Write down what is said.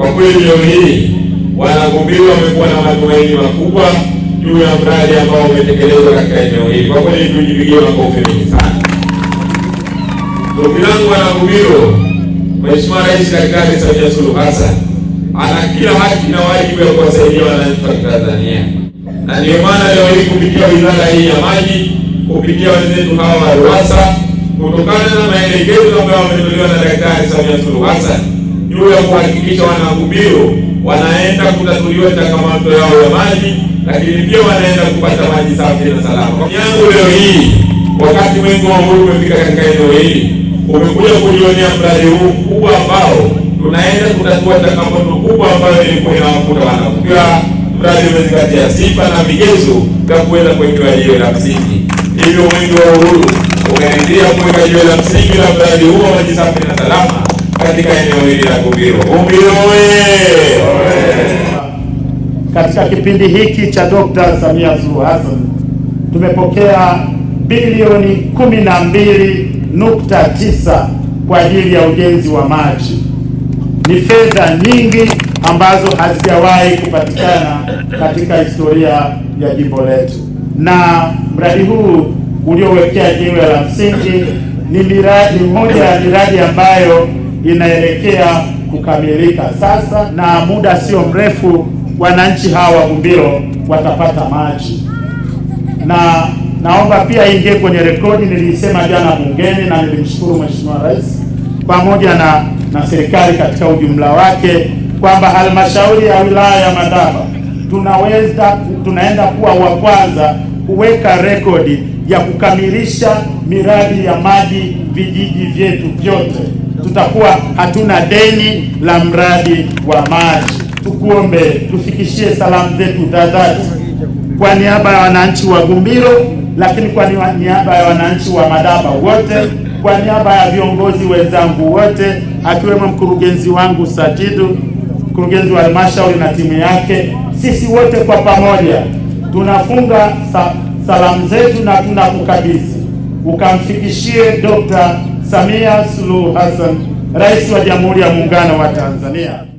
Kwa kweli leo hii Wanang'umbili wamekuwa na matumaini makubwa juu ya mradi ambao umetekelezwa katika eneo hili. Kwa kweli tujipigie makofi mengi sana. Ndugu yangu Wanang'umbilo, Mheshimiwa Rais Daktari Samia Suluhu Hassan ana kila haki na wajibu ya kuwasaidia wananchi wa Tanzania, na ndiyo maana leo hii kupitia wizara hii ya maji, kupitia wenzetu hawa wa RUWASA, kutokana na maelekezo ambayo wametolewa na Daktari Samia Suluhu Hassan juu ya kuhakikisha wanagubio wanaenda kutatuliwa changamoto yao ya maji, lakini pia wanaenda kupata maji safi na salama. yangu leo hii, wakati mwingi wa uhuru umefika katika eneo hili, umekuja kujionea mradi huu mkubwa ambao tunaenda kutatua changamoto kubwa ambayo ilikuwa inawakuta wanafuga. Mradi umezingatia sifa na vigezo vya kuweza kuwekewa jiwe la msingi, hivyo mwenge wa uhuru ukaendelea kuweka jiwe la msingi la mradi huo wa maji safi na salama katika eneo hili la Gumbiro. Gumbiro Katika kipindi hiki cha Dr. Samia Suluhu Hassan tumepokea bilioni 12.9 kwa ajili ya ujenzi wa maji. Ni fedha nyingi ambazo hazijawahi kupatikana katika historia ya jimbo letu, na mradi huu uliowekea jiwe la msingi ni miradi, moja ya miradi ambayo inaelekea kukamilika sasa, na muda sio mrefu wananchi hawa Bumbiro watapata maji, na naomba pia ingie kwenye rekodi. Nilisema jana bungeni na nilimshukuru Mheshimiwa Rais pamoja na, na serikali katika ujumla wake kwamba halmashauri ya wilaya ya Madaba tunaweza tunaenda kuwa wa kwanza kuweka rekodi ya kukamilisha miradi ya maji vijiji vyetu vyote tutakuwa hatuna deni la mradi wa maji. Tukuombe tufikishie salamu zetu za dhati kwa niaba ya wananchi wa Gumbiro, lakini kwa niaba ya wananchi wa Madaba wote, kwa niaba ya viongozi wenzangu wote, akiwemo mkurugenzi wangu Sajidu, mkurugenzi wa halmashauri na timu yake, sisi wote kwa pamoja tunafunga sa salamu zetu na tunakukabidhi ukamfikishie Dr. Samia Suluhu Hassan, Rais wa Jamhuri ya Muungano wa Tanzania.